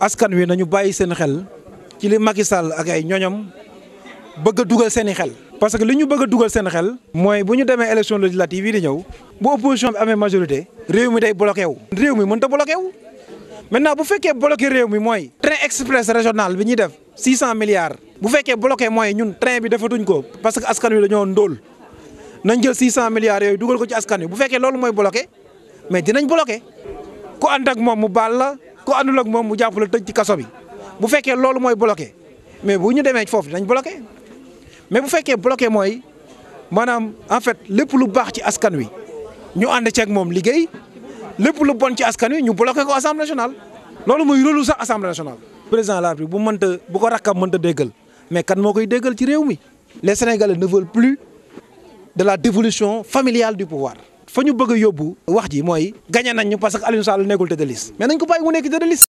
askan wi nañu bàyyi seen xel ci li Macky Sall ak ay ñoñom bëgg a dugal seen i xel. parce que li ñu bëgg dugal seen xel. mooy bu ñu demee élection législative yi di ñëw. bu opposition bi amee majorité. réew mi day bloqué wu. réew mi mënut a wu maintenant bu fekkee bloqué réew mi mooy. train express régional bi ñuy def six cent milliards. bu fekkee bloqué mooy ñun train bi defatuñ ko parce que askan wi dañoo ndóol nañ jël six cent milliards yooyu dugal ko ci askan wi bu fekkee loolu mooy bloqué mais dinañ bloqué ku ànd ak moom mu baal la. ko àndul moom mu jàpp la tëj ci kaso bi bu fekkee loolu mooy bloqué mais bu ñu demee foofu dinañ bloqué mais bu fekkee bloqué mooy maanaam en fait lépp lu baax ci askan wi ñu ànd ceeg moom liggéey lépp lu bon ci askan wi ñu bloqué ko assemblée national loolu mooy rôle sax assemblée nationale. président la République bu mënta bu ko rakkam mënta déggal mais kan moo koy déggal ci réew mi. les sénégalais ne veulent plus de la dévolution familiale du pouvoir. fa ñu bëgg a yóbbu wax ji mooy gañe nañ ñu parce que Aliou Sall nekkul tête de liste mais ko bàyyi mu nekk tête